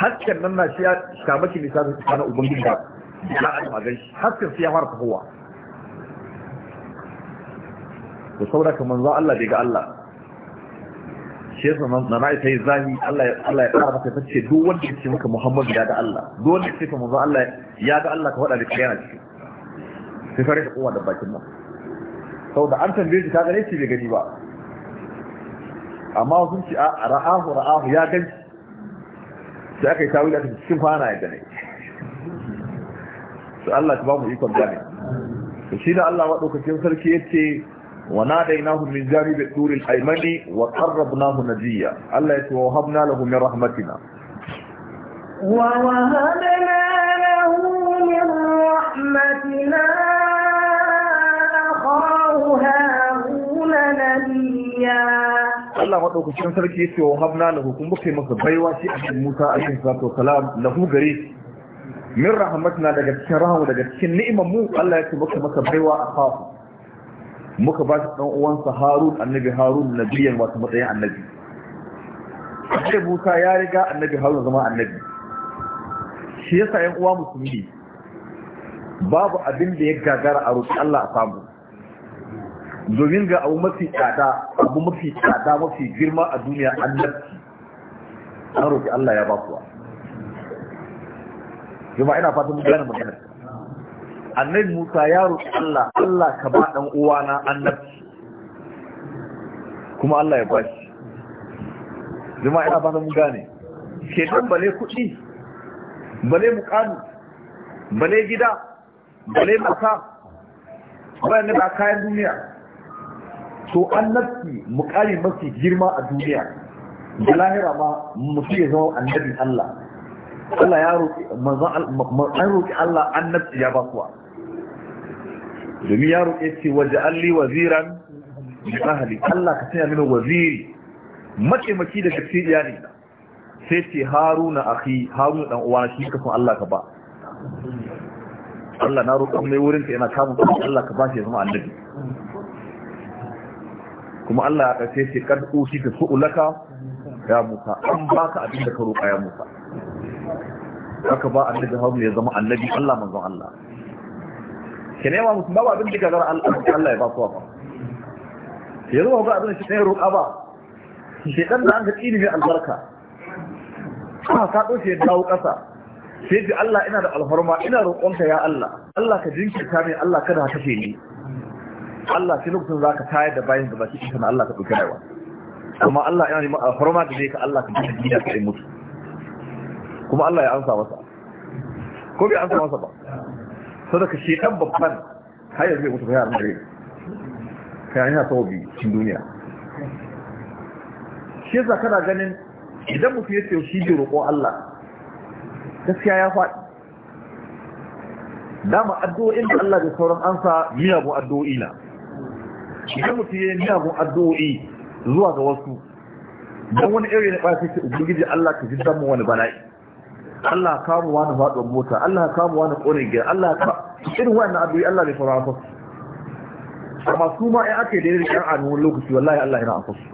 hasken nan na shi ya shamaki misali kana ubangiji ba ya adam a gaishe hasken sai ya fara kowa da saboda kuma zan Allah daga Allah shi yasa na na sai zahi Allah Allah ya fara maka tace duk wanda yake maka Muhammadu ya ga Allah duk wanda ya yake maka manzo Allah ya ga Allah ka faɗa da kiyana ciki sai fara ka kowa da bakin nan sau da an tambaye shi kaga ne shi bai gani ba amma sun ce a ra'ahu ra'ahu ya gani sai aka yi tawila ta cikin kwana ya gane to Allah ta ba mu ikon gane to shi da Allah madaukakin sarki yace وناديناه من جانب الطور الايمن وقربناه نجيا الله يتوهبنا له من رحمتنا ووهبنا له من رحمتنا اخاه هارون نبيا Allah madaukakin sarki yace wa habna lahu kun muke masa baiwa shi a Musa alaihi salatu Salam lahu gare min rahmatina daga cikin rahamu daga cikin ni'imar mu Allah yace muke masa baiwa a kafu muka ba shi ɗan uwansa harun annabi harun nabiyan wata matsayin annabi sai musa ya riga annabi harun zama annabi shi yasa yan uwa musulmi babu abin da ya gagara a roƙi Allah a samu domin ga abu mafi tsada abu mafi tsada mafi girma a duniya annabci an roƙi Allah ya ba kuwa jama'a ina fatan mun gane magana annabi Musa ya roƙi Allah Allah ka ba dan uwana annabi kuma Allah ya ba shi Zama ina ba mu gane ke dan bale kuɗi bale muƙadu bale gida bale mata bale ba kayan duniya to annabci muƙali mafi girma a duniya da lahira ma mutum ya zama annabi Allah Allah ya roƙi an roƙi Allah annabci ya ba kuwa domin ya ce waje alli waziran da ahali Allah ka sanya mini waziri mataimaki daga cikin iyali sai ce haruna akhi haruna dan uwa shi ka Allah ka ba Allah na roƙa mai wurin ka yana kamun Allah ka ba shi ya zama annabi kuma Allah ya ƙarshe ce kad ushi ka su'ulaka ya muka. an baka abin da ka roƙa ya muka. haka ba annabi Haruna ya zama annabi Allah manzon Allah ki nema musu babu abin da gagara Allah ya ba su ba yanzu ba ga abin shi ne roƙa ba shi dan da an ga tsini ne albarka ka ka shi ya dawo ƙasa sai ji Allah ina da alhorma ina roƙonka ya Allah Allah ka jinkirta ne Allah kada ka kashe ni Allah sai lokacin zaka tayar da bayan da shi kana Allah ka ɗauke rayuwa kuma Allah yana neman alhorma da zai ka Allah ka jinkirta ka mutu kuma Allah ya amsa masa ko bai amsa masa ba sadaka shi dan babban har yanzu mutu kai amma dai kai yana so bi cikin duniya shi yasa kana ganin idan mutum ya ce shi bi roƙo Allah gaskiya ya faɗi dama addu'o'in da Allah da sauran ansa miyagun addu'o'i na idan mutum ya yi miyagun addu'o'i zuwa ga wasu don wani iri na ɓasa ce ubangiji Allah ka ji damu wani bala'i Allah kamuwa wani faɗin mota Allah kamuwa wani ƙorin gida Allah ka irin wannan abu Allah bai fara ku amma su ma ai ake da ƴan an wani lokaci wallahi Allah yana akwai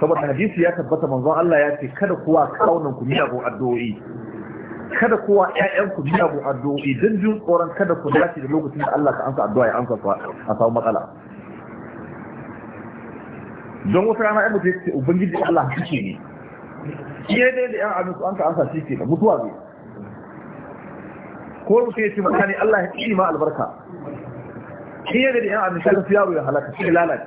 saboda hadisi ya tabbata manzo Allah ya ce kada kowa kaunan ku miyagun addu'o'i kada kowa ƴaƴan ku miyagun addu'o'i don jin tsoron kada ku dace da lokacin da Allah ka amsa addu'a ya amsa a samu matsala don wata rana ya mutu ya ce ubangiji Allah kake ne iya dai da yan abin su an ka ansa shi ke da mutuwa zai ko mutu ya ce mutane Allah ya ƙi ma albarka iya da yan abin shi yaro ya halaka shi lalata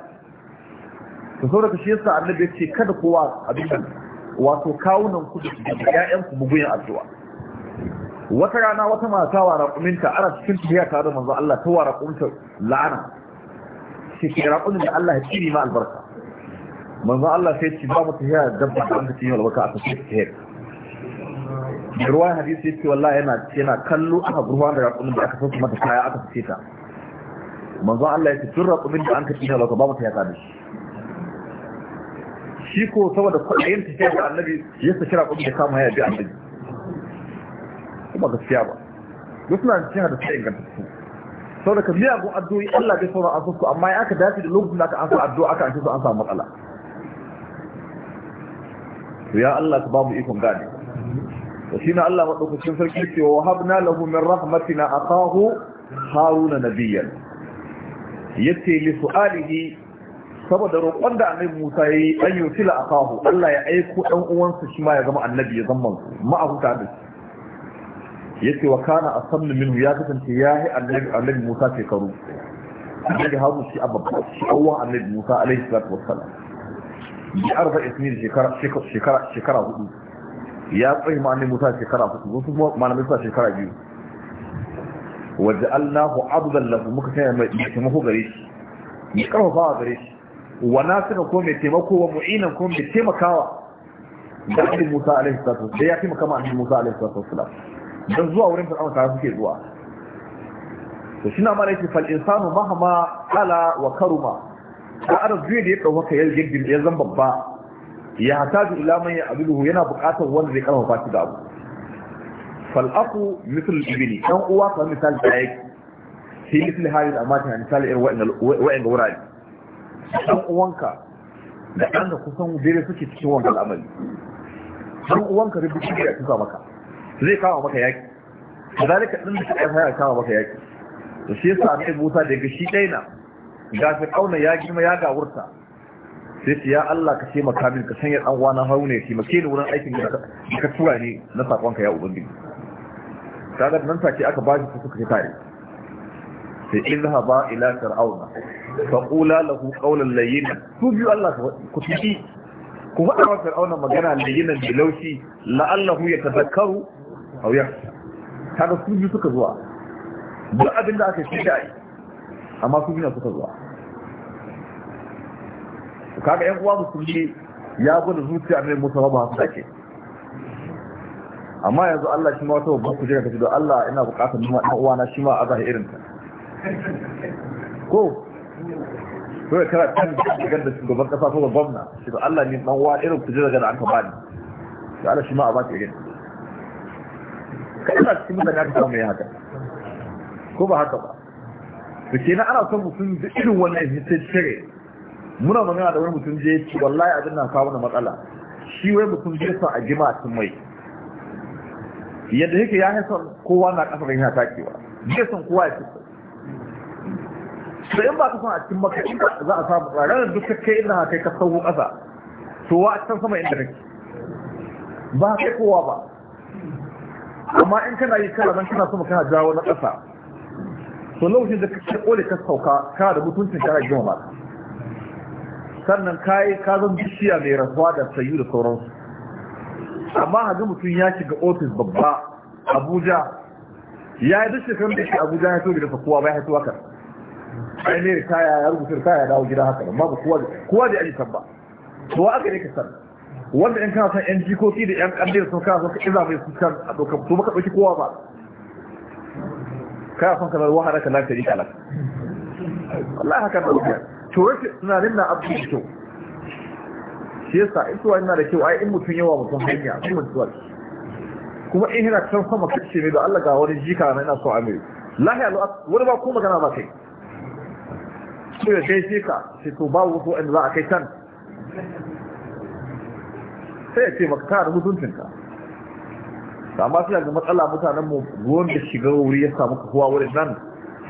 ta saurata shi yasa annabi ya ce kada kowa abin nan wato kawunan ku da ƴaƴan ku bugun addu'a wata rana wata mata wa raƙuminta ana cikin tafiya tare da manzo Allah ta wa raƙuminta la'ana shi ke raƙumin da Allah ya ƙi ma albarka manzo Allah sai ci babu tahiya dabba da anka cinye albarka aka ce tahiya da ruwan hadisi ya ce wallahi yana yana kallo aka gurfa da raƙumin da aka kuma da kaya aka fice ta manzo Allah ya ce tun raƙumin da an ka cikin albarka babu ta da shi shi ko saboda kwaɗayin ta da annabi ya sa kira kuma da kama ya bi annabi kuma gaskiya ba duk na cikin da sai inganta su saboda ka miyagun addu'o'i Allah bai saura an su amma ya aka dace da lokacin da aka an sa addu'a aka an su an samu matsala to ya Allah ka ba mu ikon gane to shi na Allah madaukakin sarki ce wa habna lahu min rahmatina akahu haruna nabiyyan yace li su'alihi saboda roƙon da annabi Musa ya yi an yusila akahu Allah ya aiko ɗan uwansa shi ma ya zama annabi ya zama ma'abuta da shi yace wa kana asamnu min ya kasance ya yi annabi annabi Musa shekaru annabi Harun shi abba shi uwan annabi Musa alaihi salatu wassalam Yi arba ismin shekara shekara hudu ya tsaye ma annabi Musa shekara hudu wasu kuma malamai sa shekara biyu wa Allahu abdan lahu muka sai mai taimako gare shi mai karfafa gare shi wa nasira ko mai taimako wa mu'inan ko mai taimakawa da annabi Musa alaihi salatu wasallam da ya taimaka ma annabi Musa alaihi salatu wasallam dan zuwa wurin fir'auna tare suke zuwa to shi na mara yake fal insanu mahama ala wa karuma da arziki da ya ɗaukaka ya jirgin ya zan babba ya hata da man ya abu abiduhu yana buƙatar wanda zai karfafa shi da abu fal'aku misal ibini ɗan uwa ka misali da yake shi misal halin amma ta misali irin wa'in ga wurare ɗan uwanka da ɗan da kusan dare suke cikin wanda al'amari ɗan uwanka rubuci da ya tuka maka zai kama maka yaki da ɗin da ta ya kama maka yaki to shi yasa annabi Musa da shi ɗaya na ga fi kauna ya girma ya gawurta sai su ya Allah ka ce makamin ka sanya dan wani haruna ya taimake ni wurin aikin da ka tura ne na saƙonka ya ubangiji kaga nan take aka ba shi suka tare sai in ba ila fir'auna fa qula lahu qawlan layyina su biyu Allah ku tuki ku faɗa wa fir'auna magana layyina da laushi la'allahu yatadhakkaru aw yakhsha kaga su biyu suka zuwa duk abin da aka ce da amma su gina suka zuwa kaga yan uwa musulmi ya gwada zuciya mai musa ba su sake amma yanzu Allah shi ma wata babban kuje ta tafi don Allah ina bukatar nuna ɗan uwana shi ma a zahi irin ta ko ko ya kara kan shigar da shugaban kasa ko babban na shi da Allah ne ɗan uwa irin kujera da aka bani da Allah shi ma a ba ta irin ka ina cikin mutane aka samu ya haka ko ba haka ba da ke na ana son mutum da irin wani wannan cire muna magana da wani mutum je ci wallahi abin na kawo na matsala shi wai mutum je sa a jima sun mai yadda yake ya haifar kowa na kasar yana takewa je son kowa ya fito So in ba ka son a cikin maka in ba za a samu ranar duk kai inda kai ka sauko kasa to wa a can sama inda kake ba kai kowa ba amma in kana yi kala nan kana sama kana jawo na kasa to lokacin da ka karɓo da ka sauka ka da mutuncin ka gima ba sannan kai ka zan bishiya mai rasuwa da sayu da sauransu amma haga mutum ya shiga ofis babba abuja ya yi duk shekarun da shi abuja ya tobe da kowa bai haituwa kan ai ne kaya ya rubuta kaya ya dawo gida haka amma ba kowa kowa da ajiye ba to wa aka ne ka san wanda yan kana san yan jikoki da yan kaddar sun kana son ka iza mai su a dokar to baka ɗauki kowa ba kana son kaza wa haraka isa tarika lak wallahi haka da wuya to rashin tunanin na abu da kyau shi yasa isuwa ina da kyau ai in mutum yawa mutum hanya a sai mutuwa kuma in yana can sama kace ne da Allah ga wani jika na ina so amiri lahi Allah wani ba ko magana ba kai Su ya kai jika sai to ba wuto in za a kai can sai ya ce maka ta da mutuncinka amma suna da matsala mutanen mu ruwan da shiga wuri ya samu kuwa wurin nan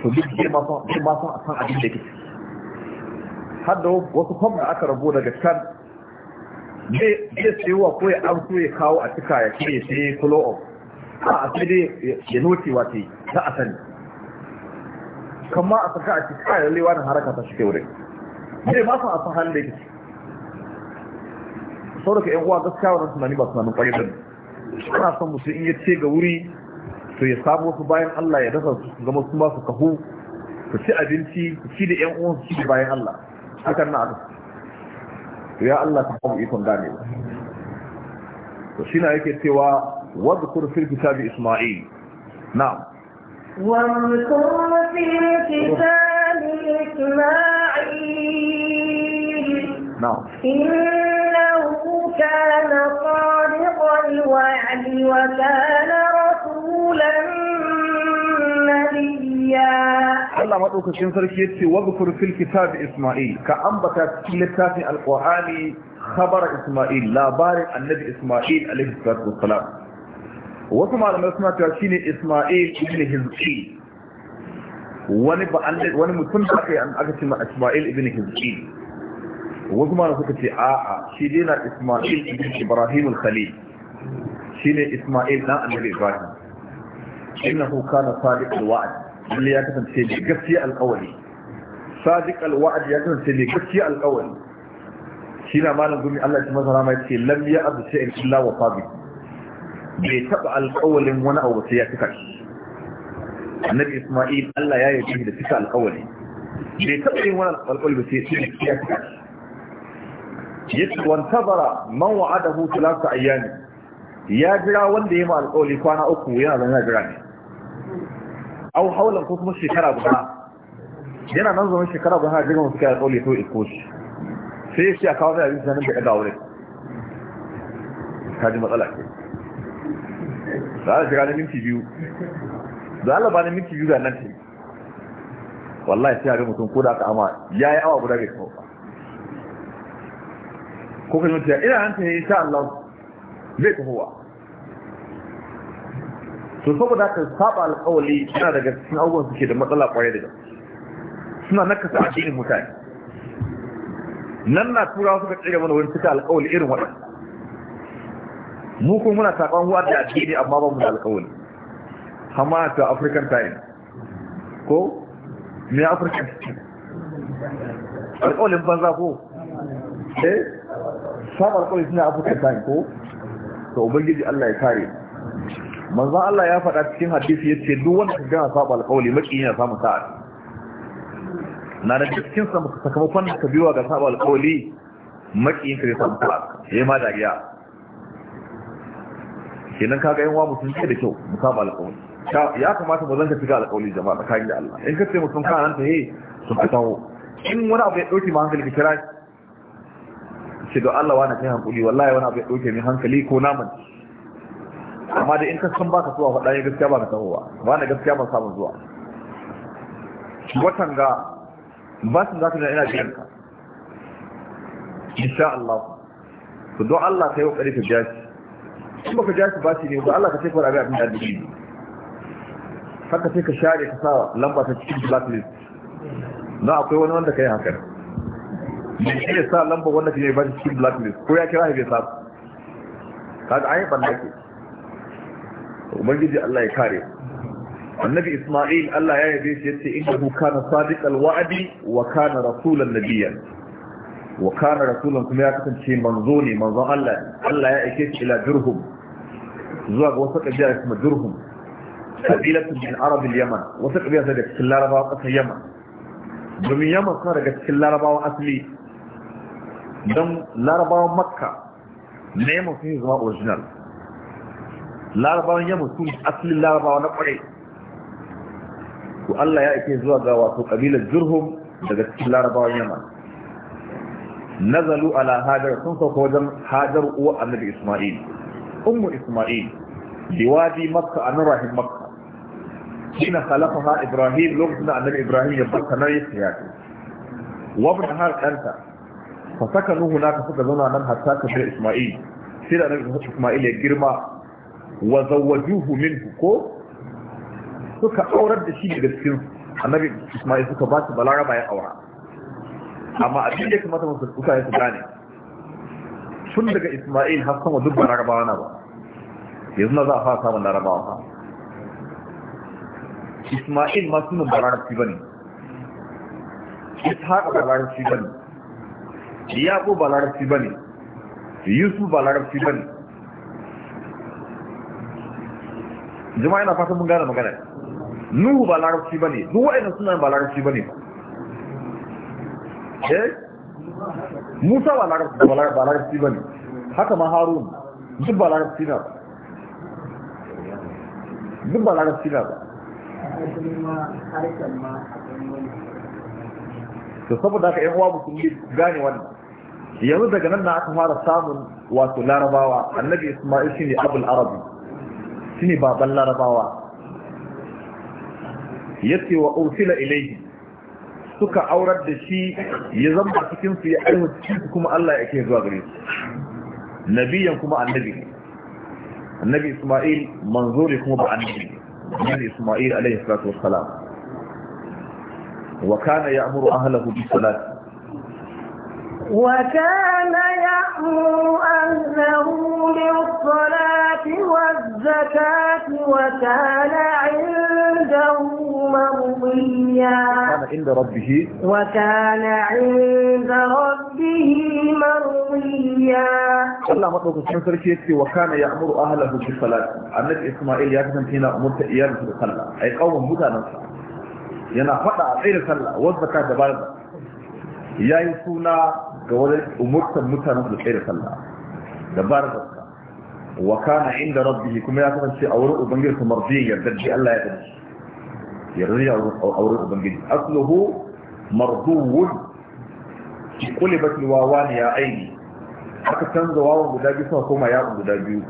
su duk ke ma san a san abin da ke har da wasu fam da aka rabo daga can zai sayuwa ko ya amso ya kawo a cika ya ce ya sai kulo of a a sai dai ya noti wata yi ta a sani kama a saka a cika ya lewa na haraka ta shike wurin zai ma san a san halin da ke sau da ka yan uwa gaskiya wannan tunani ba tunanin ƙwarai ana son mutum in ya ce ga wuri to ya samu wasu bayan Allah ya dasa su zama su masu kahu su ci abinci su ci da 'yan uwan su ci bayan Allah hakan na abin to ya Allah ka samu ikon gane to shi na yake cewa wadkur fil bi isma'il na. na'am واذكر في الكتاب إسماعيل Na. الوعد وكان رسولا نبيا الله مدوك شن سركي يتي وذكر في الكتاب اسماعيل كأنبتا كل كتاب القرآن خبر اسماعيل لا بارئ النبي اسماعيل عليه الصلاة والسلام وسمع لما يسمع تشيني اسماعيل ابن هزكي wani ba an da wani mutum da aka yi an aka ce ma Isma'il ibn Hizqi wasu shine Isma'il dan Annabi Ibrahim innahu kana sadiq alwa'd lalle ya kasance mai gaskiya alƙawari sadiq alwa'd ya kasance mai gaskiya alƙawari shine malam gumi Allah ya masa rama yace lam ya abu shay'in illa wa sabiq bai taba alƙawarin wani abu sai ya cika shi Annabi Isma'il Allah ya yi da cika alƙawari bai taba yin wani alƙawari ba sai ya cika shi yace wa tabara man wa'adahu thalatha ayyami ya jira wanda ya ma alƙawari kwana uku yana zan ya jira ne au haulan ko kuma shekara guda yana nan zaman shekara guda jirgin wasu kai alƙawari to iko shi sai ya ce a kawo zai da ya da ɗaga Ta ji matsala ke za a jira na minti biyu za a labarin minti biyu ga nan ce wallahi sai a ga mutum ko da aka ama ya yi awa guda bai kawo ba ko kan yi mutu ya ina hanta ya yi sha Allah zai tafowa to saboda haka saba alƙawali suna daga cikin abubuwan suke da matsala ƙwarai da gaske suna nakasa addinin mutane nan na turawa suka tsira mana wani cika alƙawali irin waɗanda mu kuma muna saɓan huwa da addini amma ba mu da alƙawali amma ta african time ko me african alƙawalin banza ko eh saba alƙawali suna african time ko to ubangiji Allah ya kare manzon Allah ya faɗa cikin hadisi ce duk wanda ka gana saba alƙawli maki yana samu sa'a na da cikin sa sakamakon da ka biwa ga saba alƙawli maki ka samu sa'a yayi ma dariya kenan kaga yan wa mutum ce da kyau mu saba alƙawli ya kamata mu zanta shiga alƙawli jama'a tsakanin da Allah in ka ce mutum kana nan ta he sun ka taho. in wani abu ya dauke ma hankali ka kira shi do Allah wani kai hankali wallahi wani abu ya dauke min hankali ko naman. amma da in ka san baka zuwa faɗa ya gaskiya ba ka samu ba ba na gaskiya ba samun zuwa watan ga ba su za ka ina biyan ka insha Allah to don Allah ka yi kokari ka biya shi in baka biya shi ba shi ne ba Allah ka ce ka abin da addini haka sai ka share ka sa lamba ta cikin blacklist na akwai wani wanda ka yi hakan da shi ya sa lamba wanda ka yi ba cikin blacklist ko ya kira shi bai sa kaga ai ban da ke ubangiji Allah ya kare annabi Isma'il Allah ya yabe shi yace innahu kana sadiqal wa'di wa kana rasulan nabiyyan wa kana rasulan kuma ya kasance manzo ne manzon Allah Allah ya aike shi ila Jurhum zuwa ga wata kabila kuma Kabila kabilatu bin arab al-yaman wata kabila daga cikin larabawa kasar yaman domin yaman kuma daga cikin larabawa asali don larabawa makka ne yaman sun yi zama original larabawan yamma su asalin larabawa na kwarai Ku Allah ya ake zuwa ga wato kabilar jurhum daga cikin larabawan yamma nazalu ala hajar sun sauka wajen hajar uwa annabi isma'il ummu isma'il biwadi makka a nurahin makka shine khalafaha ibrahim lokacin da annabi ibrahim ya barka nan ya tsaya wa bin har kanta fa saka nuhu naka suka zauna nan hatta ka isma'il sai da annabi isma'il ya girma wa zawajuhu minhu ko suka aurar da shi daga gaskin annabi Isma'il suka ba shi balara ya aura amma abin da kamata musu suka yi su gane tun daga Isma'il har sama duk balarabawa na ba yanzu na za a fara samun larabawa ba. Isma'il ma sunan balarabci bane Ishaq balarabci bane Yaqub balarabci bane Yusuf balarabci bane jama'a yana fatan mun gane magana nuhu ba larabci bane duk wa'annan suna ba larabci bane ba eh musa ba larabci ba larabci bane haka ma harun duk ba larabci na ba duk ba larabci na ba to saboda haka yan uwa gane wannan yanzu daga nan na aka fara samun wato larabawa annabi isma'il shine abul arabi su ne baban larabawa ya ce wa ursila ilaihi suka aurar da shi ya zama cikinsu ya aihu cikinsu kuma Allah ya ke zuwa gare nabiyan kuma annabi annabi isma'il manzuri kuma ba annabi annabi isma'il alaihi salatu wassalam wa kana ya'muru ahlahu bis salat وكان يأمر أهله بالصلاة والزكاة وكان عنده مرضيا عند ربه وكان عند ربه مرضيا الله مطلق الشمس ركيتي وكان يأمر أهله بالصلاة النبي إسماعيل يكتم هنا أمرت إياه بالصلاة أي قوم هدى نصر ينا فتا غير صلاة والزكاة بعد ya yi suna ga wajen umurtan mutanen su tsaye da sallah da ba da zakka wa kana inda rabbihi kuma ya kasance a wurin ubangiji kuma rabbi yarda da Allah ya yarda yarda a wurin ubangiji asluhu marduwun ki kulibat liwawani ya aini aka canza wawan guda biyu suka koma yawon guda biyu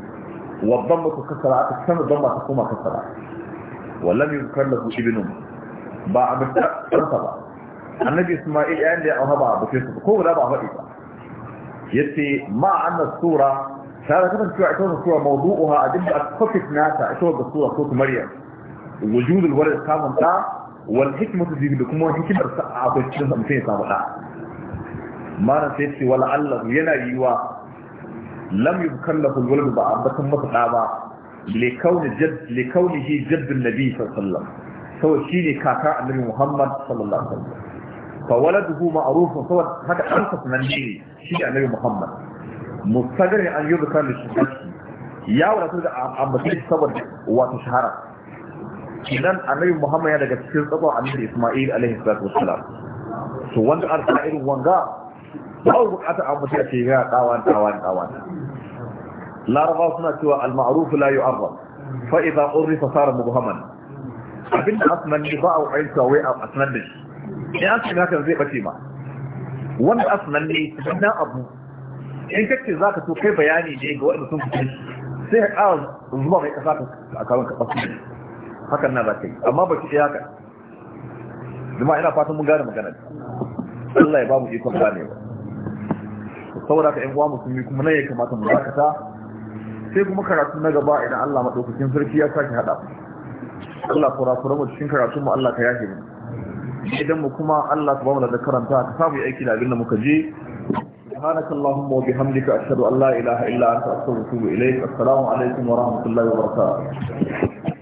wabban ba su kasara aka canza don ba su koma kasara wallan yi kalla su ibinun ba a mutu ɗansa ba النبي اسماعيل قال يعني لي اهبا بكيس تقول ابا بكيس يتي ما عندنا الصورة فهذا كمان شو عشان الصورة موضوعها عجب اتفكت ناسا عشان الصورة صوت مريم وجود الولد كان ممتع والحكمة اللي بكم وهي كبر ساعة وكبر ساعة وكبر ساعة ما نسيتي ولا علق ينا يوا أيوة. لم يبكله الولد بعد بكم مطقع ما لكون جد لكونه جد النبي صلى الله عليه وسلم سوى شيني كاكا النبي محمد صلى الله عليه وسلم fa waladuhu ma'rufun saboda haka an sanan ne shi da annabi Muhammad mustadrin an yuzkar li shahadati ya wadatu da ambaci saboda wato shahara idan annabi Muhammad ya daga cikin tsakon annabi Isma'il alaihi salatu wassalam wanda an sa irin wanga ba bukata ambaci a ce ga dawan dawan dawan larabawa suna cewa al-ma'ruf la yu'arraf fa idza urifa abinda asman ba a a idan aka yi hakan zai bace ma wanda asalin ne sannan abu in kake za ka so kai bayani ne ga waɗanda sun fito sai ka ƙara zuba mai ƙasa ka kawo ka ɓasu hakan na za ka yi amma ba ki ɗaya haka jama'a ina fatan mun gane magana Allah ya ba mu ikon ba saboda ka ƴan uwa musulmi kuma nan ya kamata mu dakata sai kuma karatu na gaba idan Allah maɗaukakin sarki ya sake haɗa Allah kura kura mu cikin karatu mu Allah ka yafe mu idan mu kuma Allah subhanahu da karanta ka samu aiki da abin da muka je subhanaka allahumma wa bihamdika ashhadu an la ilaha illa anta astaghfiruka wa atubu ilaik assalamu alaikum wa rahmatullahi wa barakatuh